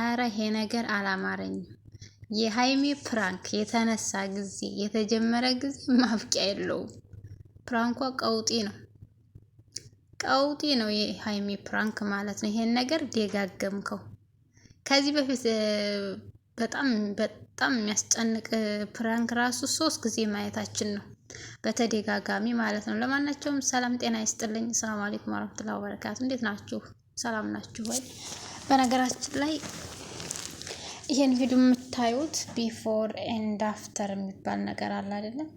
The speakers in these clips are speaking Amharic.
አረ ይሄ ነገር አላማረኝም። የሀይሜ ፕራንክ የተነሳ ጊዜ የተጀመረ ጊዜ ማብቂያ የለውም። ፕራንኳ ቀውጢ ነው፣ ቀውጢ ነው የሀይሜ ፕራንክ ማለት ነው። ይሄን ነገር ደጋገምከው። ከዚህ በፊት በጣም በጣም የሚያስጨንቅ ፕራንክ ራሱ ሶስት ጊዜ ማየታችን ነው በተደጋጋሚ ማለት ነው። ለማናቸውም ሰላም ጤና ይስጥልኝ። ሰላም አለይኩም ወረህመቱላሂ ወበረካቱ። እንዴት ናችሁ? ሰላም ናችሁ ወይ? በነገራችን ላይ ይሄን ቪዲዮ የምታዩት ቢፎር ኤንድ አፍተር የሚባል ነገር አለ አይደለም።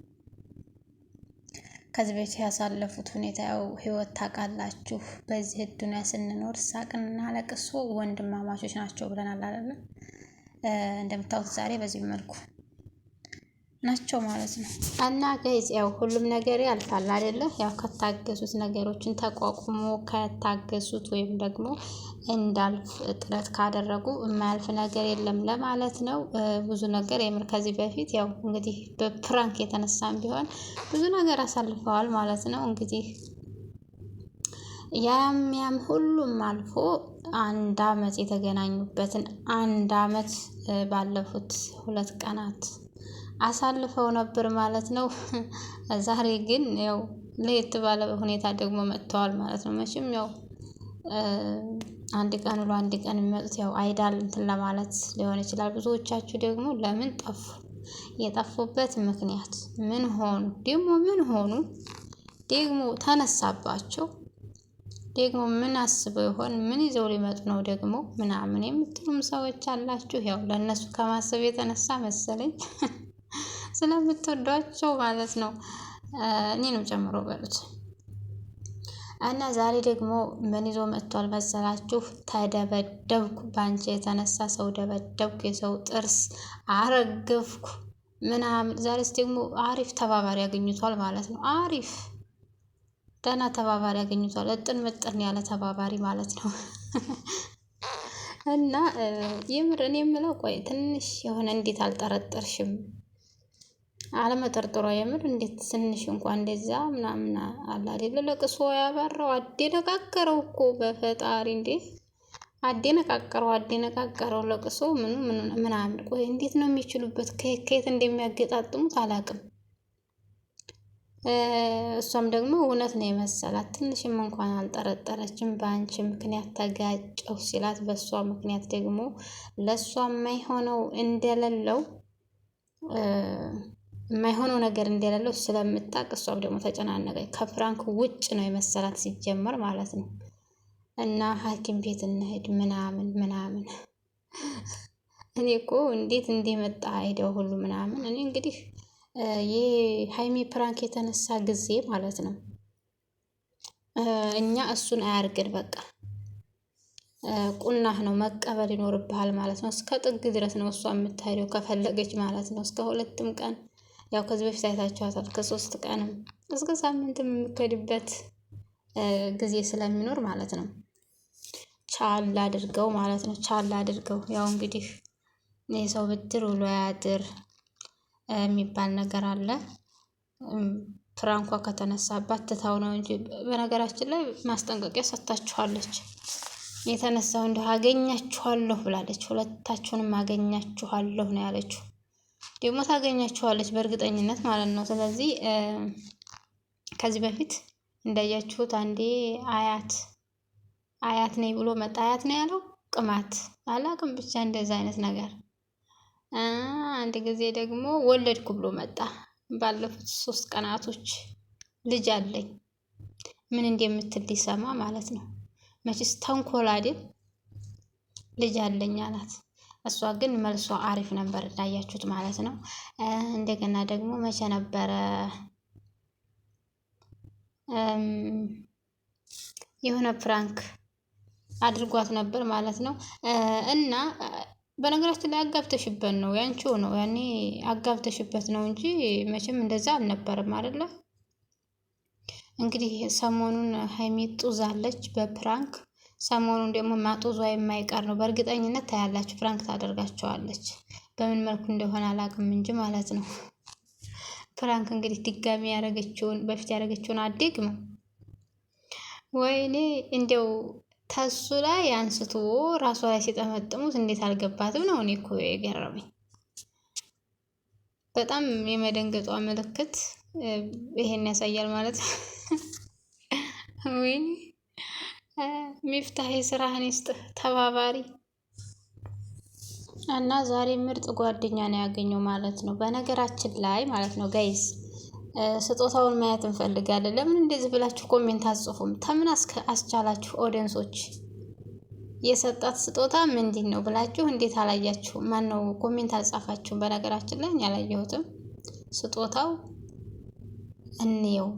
ከዚህ በፊት ያሳለፉት ሁኔታ ያው ህይወት ታውቃላችሁ። በዚህ ዱንያ ስንኖር ሳቅና ለቅሶ ወንድማማቾች ናቸው ብለናል አይደለም። እንደምታዩት ዛሬ በዚህ መልኩ ናቸው ማለት ነው። እና ገይዝ ያው ሁሉም ነገር ያልፋል አይደለ? ያው ከታገሱት ነገሮችን ተቋቁሞ ከታገሱት ወይም ደግሞ እንዳልፍ ጥረት ካደረጉ የማያልፍ ነገር የለም ለማለት ነው። ብዙ ነገር የምር ከዚህ በፊት ያው እንግዲህ በፕራንክ የተነሳም ቢሆን ብዙ ነገር አሳልፈዋል ማለት ነው። እንግዲህ ያም ያም ሁሉም አልፎ አንድ አመት የተገናኙበትን አንድ አመት ባለፉት ሁለት ቀናት አሳልፈው ነበር ማለት ነው። ዛሬ ግን ያው ለየት ባለ ሁኔታ ደግሞ መጥተዋል ማለት ነው። መቼም ያው አንድ ቀን ውሎ አንድ ቀን የሚመጡት ያው አይዳል እንትን ለማለት ሊሆን ይችላል። ብዙዎቻችሁ ደግሞ ለምን ጠፉ? የጠፉበት ምክንያት ምን ሆኑ? ደግሞ ምን ሆኑ? ደግሞ ተነሳባቸው ደግሞ ምን አስበው ይሆን? ምን ይዘው ሊመጡ ነው ደግሞ ምናምን የምትሉም ሰዎች አላችሁ። ያው ለእነሱ ከማሰብ የተነሳ መሰለኝ ስለምትወዷቸው ማለት ነው። እኔንም ጨምሮ በሉት እና ዛሬ ደግሞ ምን ይዞ መጥቷል መሰላችሁ? ተደበደብኩ፣ በአንቺ የተነሳ ሰው ደበደብኩ፣ የሰው ጥርስ አረገፍኩ ምናምን። ዛሬስ ደግሞ አሪፍ ተባባሪ ያገኙቷል ማለት ነው። አሪፍ ደህና ተባባሪ ያገኙቷል። እጥን ምጥን ያለ ተባባሪ ማለት ነው። እና የምር እኔ የምለው ቆይ ትንሽ የሆነ እንዴት አልጠረጠርሽም? አለመጠርጠሯ የምር እንዴት ትንሽ እንኳን እንደዛ ምናምን አለ አይደለ? ለቅሶ ያባራው አደነቃቀረው እኮ በፈጣሪ እንዴ! አደነቃቀረው አደነቃቀረው ለቅሶ ምኑ ምናምን። ቆይ እንዴት ነው የሚችሉበት? ከየት እንደሚያገጣጥሙት አላቅም። እሷም ደግሞ እውነት ነው የመሰላት ትንሽም እንኳን አልጠረጠረችም። በአንቺ ምክንያት ተጋጨው ሲላት በእሷ ምክንያት ደግሞ ለእሷ የማይሆነው እንደሌለው የማይሆነው ነገር እንደሌለው ስለምታቅ እሷም ደግሞ ተጨናነቀ። ከፍራንክ ውጭ ነው የመሰላት ሲጀመር ማለት ነው። እና ሐኪም ቤት እንሂድ ምናምን ምናምን እኔ እኮ እንዴት እንደመጣ ሄደው ሁሉ ምናምን እኔ እንግዲህ ሀይሚ ፕራንክ የተነሳ ጊዜ ማለት ነው እኛ እሱን አያርግን በቃ ቁናህ ነው መቀበል ይኖርብሃል ማለት ነው። እስከ ጥግ ድረስ ነው እሷ የምታሄደው ከፈለገች ማለት ነው። እስከ ሁለትም ቀን ያው ከዚህ በፊት አይታችኋታል። ከሶስት ቀንም እስከ ሳምንትም የሚከድበት ጊዜ ስለሚኖር ማለት ነው። ቻል አድርገው ማለት ነው። ቻል አድርገው ያው እንግዲህ የሰው ብድር ውሎ ያድር የሚባል ነገር አለ። ፕራንኳ ከተነሳባት ትታው ነው እንጂ በነገራችን ላይ ማስጠንቀቂያ ሰጥታችኋለች። የተነሳው እንዲሁ አገኛችኋለሁ ብላለች። ሁለታችሁንም አገኛችኋለሁ ነው ያለችው። ደግሞ ታገኛችኋለች በእርግጠኝነት ማለት ነው። ስለዚህ ከዚህ በፊት እንዳያችሁት አንዴ አያት አያት ነኝ ብሎ መጣ። አያት ነው ያለው ቅማት አላቅም፣ ብቻ እንደዛ አይነት ነገር። አንድ ጊዜ ደግሞ ወለድኩ ብሎ መጣ። ባለፉት ሶስት ቀናቶች ልጅ አለኝ ምን እንደምትል ሊሰማ ማለት ነው። መቼስ ተንኮል አይደል? ልጅ አለኝ አላት። እሷ ግን መልሷ አሪፍ ነበር እንዳያችሁት ማለት ነው። እንደገና ደግሞ መቼ ነበረ የሆነ ፕራንክ አድርጓት ነበር ማለት ነው። እና በነገራችን ላይ አጋብተሽበት ነው ያንቺው ነው ያኔ አጋብተሽበት ነው እንጂ መቼም እንደዛ አልነበርም አይደለ? እንግዲህ ሰሞኑን ሀይሚ ጡዛለች በፕራንክ ሰሞኑን ደግሞ ማጦዟ የማይቀር ነው። በእርግጠኝነት ታያላችሁ፣ ፍራንክ ታደርጋቸዋለች። በምን መልኩ እንደሆነ አላቅም እንጂ ማለት ነው። ፍራንክ እንግዲህ ድጋሚ ያደረገችውን በፊት ያደረገችውን አድግም ወይኔ እንደው ተሱ ላይ አንስቶ ራሷ ላይ ሲጠመጥሙት እንዴት አልገባትም ነው እኔ እኮ የገረመኝ። በጣም የመደንገጧ ምልክት ይሄን ያሳያል ማለት ነው። ወይኔ ሚፍታህ የስራህን ይስጥህ ተባባሪ እና ዛሬ ምርጥ ጓደኛ ነው ያገኘው ማለት ነው። በነገራችን ላይ ማለት ነው ጋይስ ስጦታውን ማየት እንፈልጋለን። ለምን እንደዚህ ብላችሁ ኮሜንት አጽፉም? ተምን አስቻላችሁ ኦዲየንሶች? የሰጣት ስጦታ ምንድን ነው ብላችሁ እንዴት አላያችሁ? ማን ነው ኮሜንት አልጻፋችሁም? በነገራችን ላይ ያላየሁትም ስጦታው እንየው።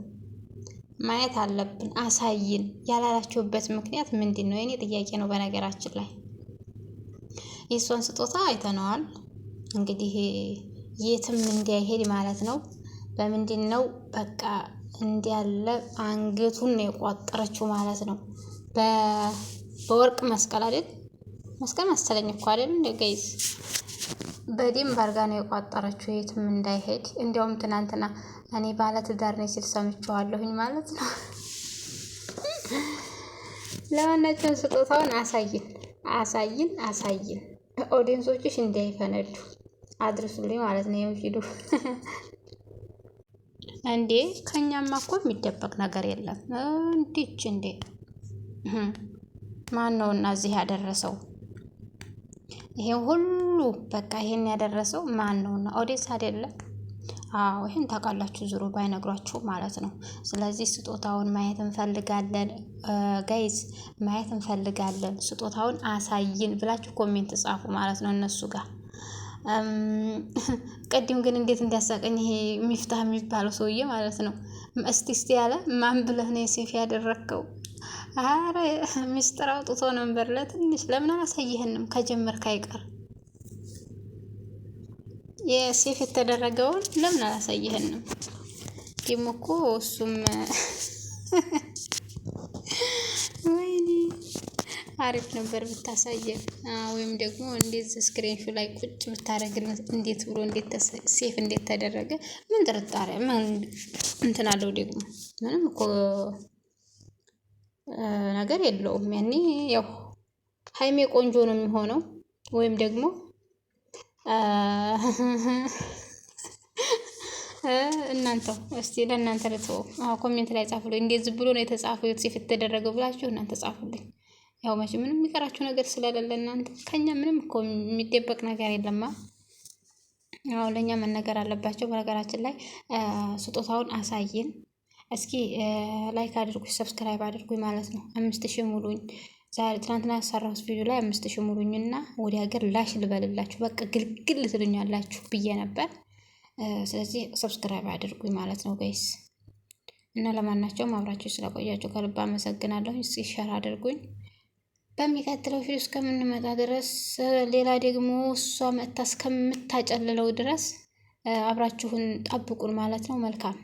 ማየት አለብን። አሳይን ያላላችሁበት ምክንያት ምንድን ነው? የኔ ጥያቄ ነው። በነገራችን ላይ የእሷን ስጦታ አይተነዋል። እንግዲህ የትም እንዲያይሄድ ማለት ነው። በምንድን ነው በቃ እንዲያለ አንገቱን የቋጠረችው ማለት ነው። በወርቅ መስቀል አይደል መስቀል መሰለኝ እኮ አይደል እንደ በደንብ አድርጋ ነው የቋጠረችው የትም እንዳይሄድ። እንዲያውም ትናንትና እኔ ባለትዳር ነኝ ሲል ሰምቼዋለሁኝ ማለት ነው። ለማናቸውን ስጦታውን አሳይን አሳይን አሳይን፣ ኦዲየንሶችሽ እንዳይፈነዱ አድርሱልኝ ማለት ነው። የውሽዱ እንዴ ከእኛማ እኮ የሚደበቅ ነገር የለም። እንዲች እንዴ ማን ነውና እዚህ ያደረሰው? ይሄ ሁሉ በቃ ይሄን ያደረሰው ማን ነውና? ኦዴስ አይደለም? አዎ ይህን ታውቃላችሁ፣ ዙሮ ባይነግሯችሁ ማለት ነው። ስለዚህ ስጦታውን ማየት እንፈልጋለን፣ ጋይዝ ማየት እንፈልጋለን፣ ስጦታውን አሳይን ብላችሁ ኮሜንት ጻፉ ማለት ነው እነሱ ጋር። ቅድም ግን እንዴት እንዲያሳቀኝ ይሄ ሚፍታህ የሚባለው ሰውዬ ማለት ነው። እስቲ እስቲ ያለ ማን ብለህ ነው የሴፍ ያደረግከው? አረ ምስጢር አውጥቶ ነበር ለትንሽ። ለምን አላሳየህንም ከጀመርክ አይቀር የሴፍ የተደረገውን ለምን አላሳየህንም? ደግሞ እኮ እሱም ወይኔ አሪፍ ነበር ብታሳየን፣ ወይም ደግሞ እንዴት ስክሪንሹ ላይ ቁጭ ብታደረግነት እንዴት ብሎ ሴፍ እንዴት ተደረገ? ምን ጥርጣሬ ምን እንትን አለው ደግሞ ምንም እኮ ነገር የለውም። ያኔ ያው ሀይሜ ቆንጆ ነው የሚሆነው ወይም ደግሞ እናንተው እስቲ ለእናንተ ልተወው። ኮሜንት ላይ ጻፉልኝ። እንደዚህ ብሎ ነው የተጻፈው ሴፍ የተደረገው ብላችሁ እናንተ ጻፉልኝ። ያው መቼ ምንም የሚቀራችሁ ነገር ስለሌለ እናንተ ከኛ ምንም እኮ የሚደበቅ ነገር የለማ። ያው ለእኛ መነገር አለባቸው። በነገራችን ላይ ስጦታውን አሳየን እስኪ ላይክ አድርጉኝ፣ ሰብስክራይብ አድርጉኝ ማለት ነው። አምስት ሺህ ሙሉኝ። ዛሬ ትናንትና ያሰራሁት ቪዲዮ ላይ አምስት ሺህ ሙሉኝ እና ወደ ሀገር ላሽ ልበልላችሁ፣ በቃ ግልግል ትሉኛላችሁ ብዬ ነበር። ስለዚህ ሰብስክራይብ አድርጉኝ ማለት ነው ጋይስ። እና ለማናቸውም አብራችሁ ስለቆያችሁ ከልብ አመሰግናለሁ። ሸር አድርጉኝ። በሚቀጥለው ቪዲዮ እስከምንመጣ ድረስ ሌላ ደግሞ እሷ መጥታ እስከምታጨልለው ድረስ አብራችሁን ጠብቁን ማለት ነው። መልካም